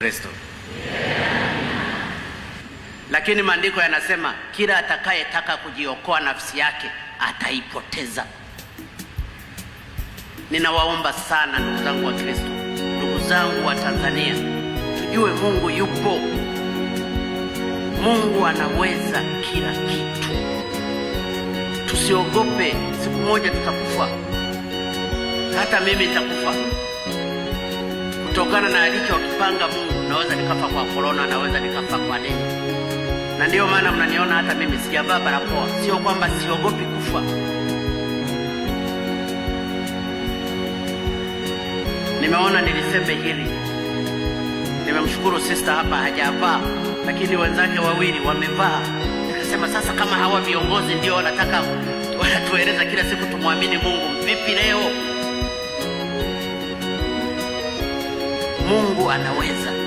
Kristo. Lakini maandiko yanasema kila atakayetaka kujiokoa nafsi yake ataipoteza. Ninawaomba sana ndugu zangu wa Kristo, ndugu zangu wa Tanzania, tujue Mungu yupo. Mungu anaweza kila kitu. Tusiogope, siku moja tutakufa. Hata mimi nitakufa kutokana na alichokipanga Mungu. Naweza nikafa kwa korona, naweza nikafa kwa nini, na ndiyo maana mnaniona hata mimi sijavaa barakoa. Sio kwamba siogopi kufa, nimeona niliseme hili. Nimemshukuru sister hapa hajavaa, lakini wenzake wawili wamevaa. Nikasema sasa, kama hawa viongozi ndio wanataka wanatueleza kila siku tumwamini Mungu, vipi leo Mungu anaweza.